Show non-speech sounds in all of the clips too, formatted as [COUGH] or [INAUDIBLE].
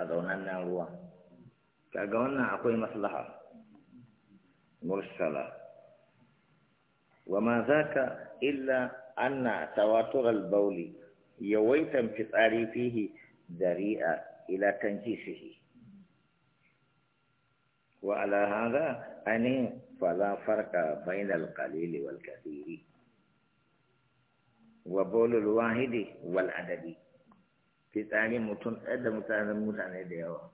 a zaunan nan ruwa kaga wannan akwai maslaha mursala wa ma zaka illa anna tawatur al-bawli yawaitan fitsari fihi zari'a ila tanjisihi wa ala hadha ani fala farka bayna al-qalil wal kathiri wa bawlu al-wahidi wal adadi fitsarin mutum ɗaya da mutanen mutane da yawa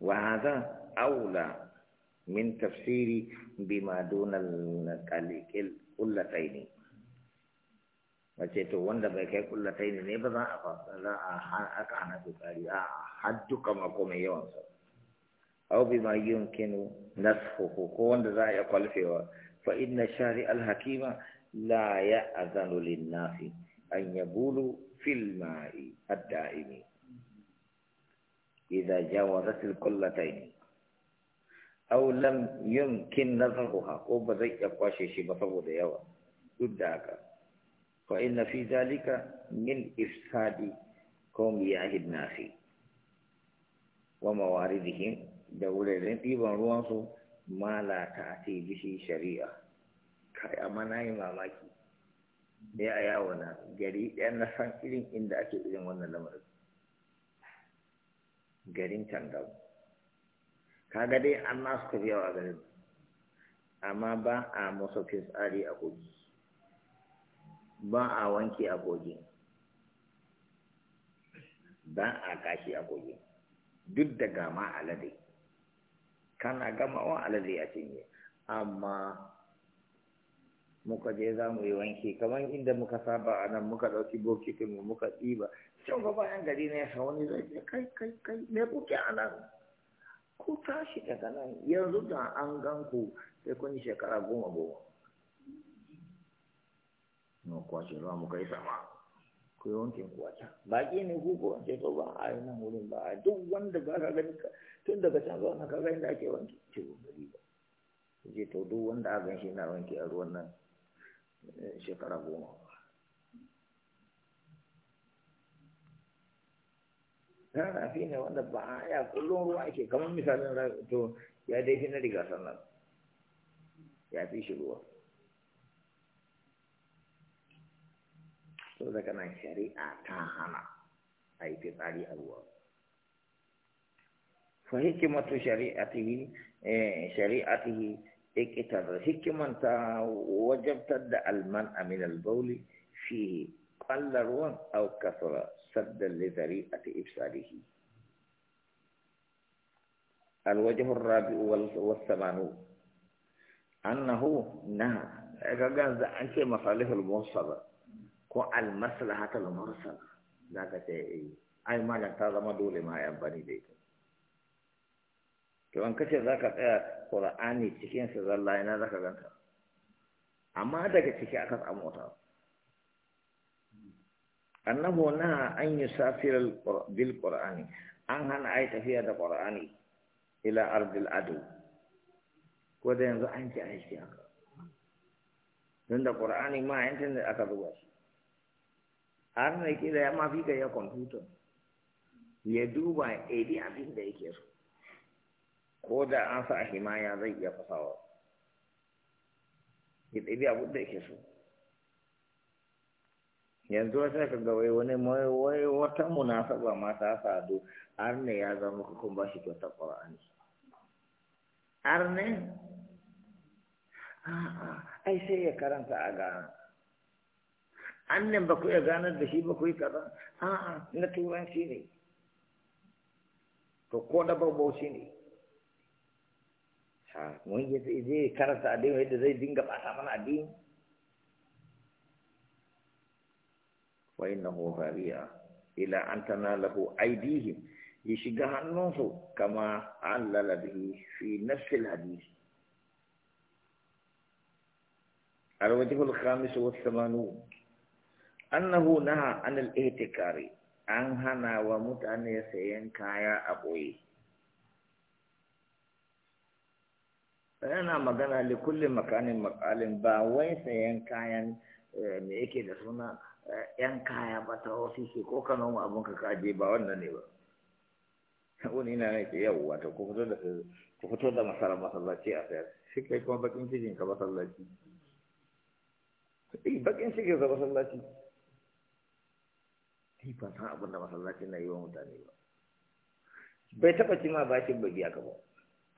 wa haza aula min tafsiri bima dunal qalikil kullataini wace to wanda bai kai kullataini ne ba za a fasara a aka hana fitsari a haddu kama ko mai yawan sa aw bima yumkinu nasfuhu ko wanda za a iya kwalfewa fa inna shari'al hakima la ya'zanu lin-nasi an bulu fil ma'i adda ini idza jawazat al qullatain aw lam yumkin nazaruha ko ba zai ya kwashe shi ba saboda yawa duk da haka fa ina fi zalika min ifsadi qawm yahid nasi wa mawaridihim da wuraren ɗiban su, ma la ta ati shari'a kai amma na yi mamaki da ya yawo na gari ɗaya na san irin inda ake irin wannan lamarin garin candau kaga dai an masu tafiya a garin amma ba a masa tsari a kogi ba a wanke a kogi ba a kashi a kogi duk da gama alade kana gama wa alade a cinye amma muka je za mu yi wanki kamar inda muka saba a nan muka ɗauki bokitin mu muka ɗiba can ba bayan gari na ya wani zai ce kai kai kai me kuke a nan ku tashi daga nan yanzu da an gan ku sai kun yi shekara goma goma na kwace ruwa muka yi sama ku yi wankin Ba baƙi ne ku ko wance to ba a yi nan wurin ba duk wanda ba ka gani tun daga can zuwa na ka gani da ake wanki ce gari ba je to duk wanda a gan shi na wanki a ruwan nan Eh, shekara goma rarrafi ne wanda ba a ya kullum ruwa ake kamar misalin to ya dai fi na riga sannan ya fi shi ruwa so daga nan shari'a ta hana a yi fitsari a ruwa fa hikimatu shari'atihi yi. Eh, ikitar hikimanta wajabtar da alman amin albauli fi kwallar ruwan aukasar saddar lizari a ta ifsarihi. Alwajihun rabi wasamanu, annahu na gaggan za an ce masalihul musar ko almaslahatul musar za ka ce ai ta zama dole ma ya bani da ita. to an kace za ka tsaya Qur'ani cikin sa zalla ina zaka ganta amma daga ciki aka samu wata annahu na an yusafir safiyar bil Qur'ani an hana ai tafiya da Qur'ani ila ardil adu ko da yanzu an ci aiki haka don da Qur'ani ma yankin da aka zuba shi an na kila ya fi ka ya kwamfuta ya duba ya abin da yake so ko da an sa a himaya zai iya fasawa ya ɗabi abu da yake so yanzu wata ka ga wai wani wai wata munasaba ma ta sadu har ne ya zama kun ba shi kyautar ƙwararri har ne ai sai ya karanta a gana annan ba ku iya ganar da shi ba ku yi kaza a'a na turanci ne to ko da babbauci ne mun yi sai zai karanta addini yadda zai dinga bata mana addini wa innahu fariya ila an tanalahu aidihim ya shiga hannunsu kama allala bihi fi nafsi hadisi الوجه الخامس والثمانون أنه نهى عن الاهتكار أن هنا ومتأن يسين كايا أبوي yana magana da kullum makanin makalin ba wai sayan kayan eh, me yake da suna eh, yan kaya ba ta ofisi ko ka noma abin ka kaje ba wannan ne ba wani ina ne ke yau wata ku fito da da masara masallaci a sayar shi kai kuma bakin cikin ka masallaci eh, bakin cikin ka masallaci ni ba san abin da masallaci na yi wa mutane ba bai taba cima bakin bagi aka ba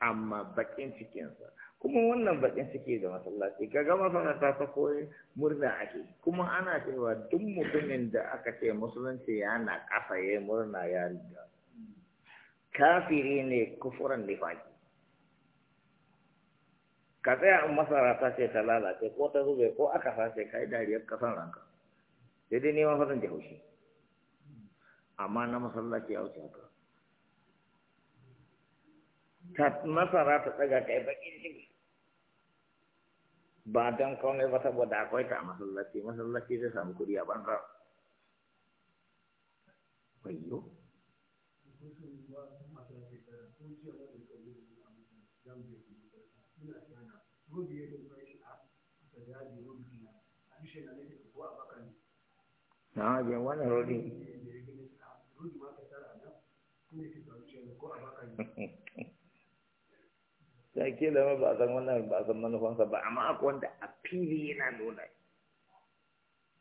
amma bakin cikinsa kuma wannan bakin ciki da masallaci kaga masallata ta koyi murna ake kuma ana cewa duk mutumin da aka ce musulunci yana kafa ya murna ya riga kafiri ne kufuran nifaki ka tsaya in masara ta ce ta lalace ko ta zube ko aka sace yi dariyar kasan ranka sai dai neman fasan haushi amma na masallaci ya wuce haka ta masara ta tsaga kai bakin ciki ba don kawai ba saboda akwai ta masallaci masallaci zai samu kuri a banza wayo na je wani rodi [LAUGHS] sai ke da ba san wannan ba san manufansa ba amma akwai wanda a fili yana nuna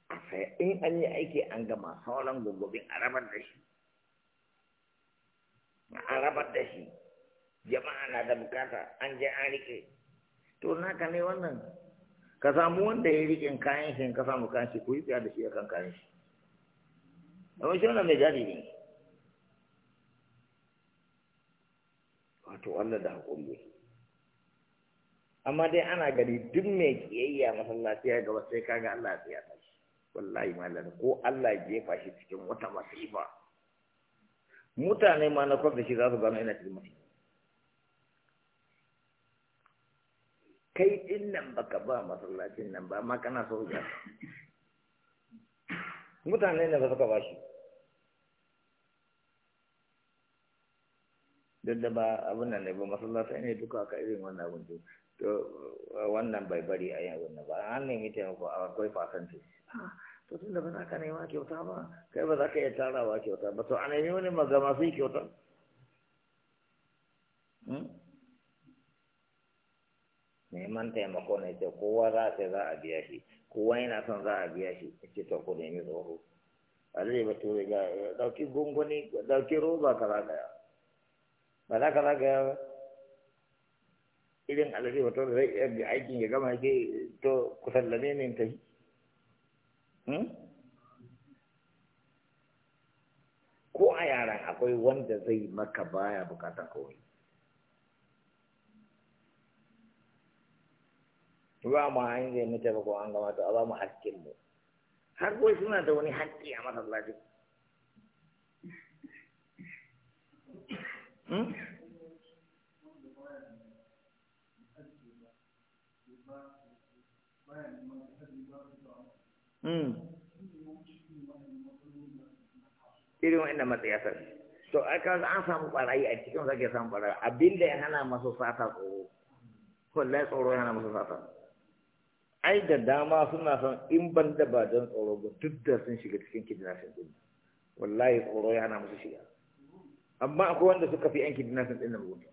a sai in an yi aiki an gama sauran gungumin a rabar da shi a rabar da shi jama'a na da bukata an je an rike to ka ne wannan ka samu wanda ya rike kayan shi ka samu kayan shi ku yi tsaya da shi akan kayan shi amma shi wannan mai jari ne wato Allah da hakuri amma dai ana gani duk mai kiyayya masallaci ya gaba sai kaga Allah ya ta shi wallahi malam ko Allah ya jefa shi cikin wata masifa mutane ma na kwafi shi za su gano ina cikin masifa kai din nan baka ba masallacin nan ba ma kana soja mutane ne ba ka ba shi duk da ba abin nan ne ba masallata ne duka ka irin wannan abin to wannan bai bari a yin wannan ba an nemi taimako a akwai fasanci ah, to tun da ba za ka nema kyauta ba kai ba za ka iya tarawa kyauta ba to a nemi wani masu yi kyauta hmm? neman taimako ne ce kowa za a ce za a biya shi kowa yana son za a biya shi ce to ku nemi tsoho a zai ba to ga dauki gungoni dauki roba kaza daya ba za ka irin alaji wato da zai iya aikin ya gama ke to ku sallame ne ta yi ko a yaran akwai wanda zai maka baya bukatar kawai ba mu hanyar mutu ko an gama to a ba mu haskin mu har kawai suna da wani haƙƙi a masallacin Hmm? Hmm. irin wa'annan matsayasar to a kaga an samu ɓarayi a cikin sake samun barayi abinda ya hana masu sata tsoro wallahi tsoro ya hana masu sata ai da dama suna son in ban da ba don tsoro ba duk da sun shiga cikin kidnapping din wallahi tsoro ya hana musu shiga amma akwai wanda suka fi yanki dina sun tsinna rubutu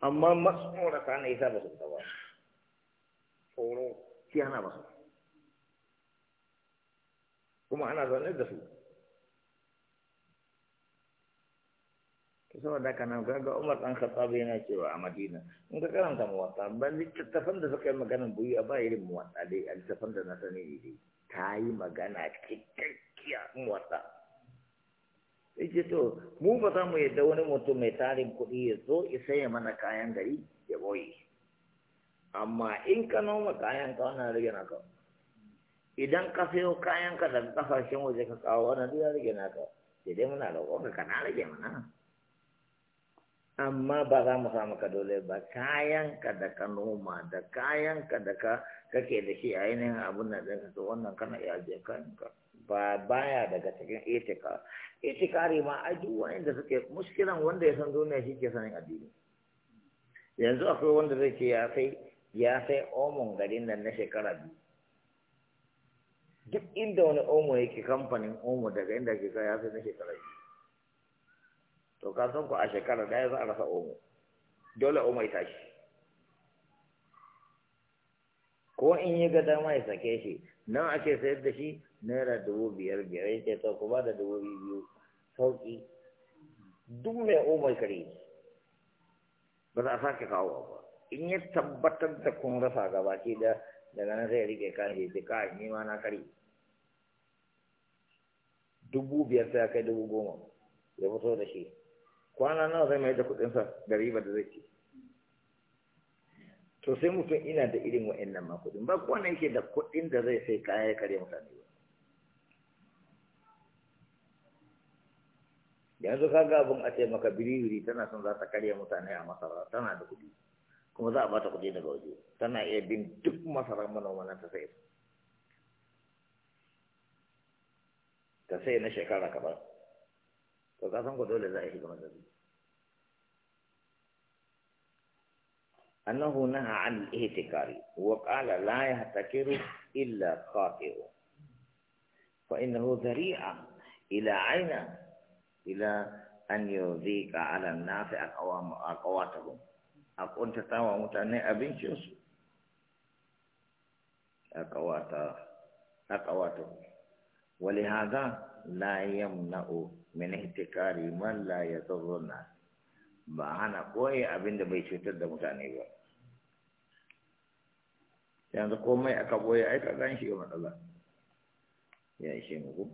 amma matsorata na isa ba su fita ba tsoro shi ana ba su kuma ana zaune da su saboda haka nan ga Umar dan Khattab yana cewa a Madina in ka karanta muwatta ban littattafan da suka yi magana buya ba irin muwatta dai littattafan da na sani ne dai ta yi magana cikakkiya muwatta yace to mu ba za mu yadda wani mutum mai tarin kuɗi ya zo ya saya mana kayan gari ya boye amma in ka noma kayan ka wannan rage idan ka sayo kayan ka daga waje ka kawo wannan duk rage sai dai muna ka kana rage mana amma ba za mu samu ka dole ba kayan ka da ka noma da kayan ka da ka kake da shi a yanayin nan wannan kana iya ba baya daga cikin etika itikari ma ai duk wanda suke muskilan wanda ya san duniya shi ke sanin addini yanzu akwai wanda zai ce ya sai ya sai omon garin nan na shekara biyu duk inda wani omo yake kamfanin omo daga inda ke ya sai na shekara biyu to ka san ku a shekara daya za a rasa omo dole omo ya tashi ko in yi ga dama ya sake shi nan ake sayar da shi naira dubu biyar biyar ya ce to kuma ba da dubu biyu sauƙi duk mai umar kare ba za a sake kawo ba in ya tabbatar da kun rasa gabaki da daga nan zai rike kan ya ce a ni na kare dubu biyar sai kai dubu goma ya fito da shi kwana nawa zai mai da kuɗinsa da riba da zai ci to sai mutum ina da irin wa'annan ma kuɗin ba kowane yake da kuɗin da zai sai kaya ya kare mutane ba yanzu kaga abin a ce maka biriwiri tana son za ta karya mutane a masara tana da kuɗi kuma za a bata kuɗi daga waje tana iya bin duk masarar manoma na ta sai ta sai na shekara kaɗan to ka san ku dole za a shiga naha an ihtikari wa الاهتكار la yahtakiru illa khatiru fa innahu ذريعة ila aina ila an yuzika ala nasi aqwam aqwatahum akunta tawa mutane abincin su aqwata aqwatu ولهذا لا يمنع من احتكار من لا يضر الناس ba hana koyi abin da bai cutar da mutane ba yanzu komai aka boye aika gan shi ga matsala ya ishe ku?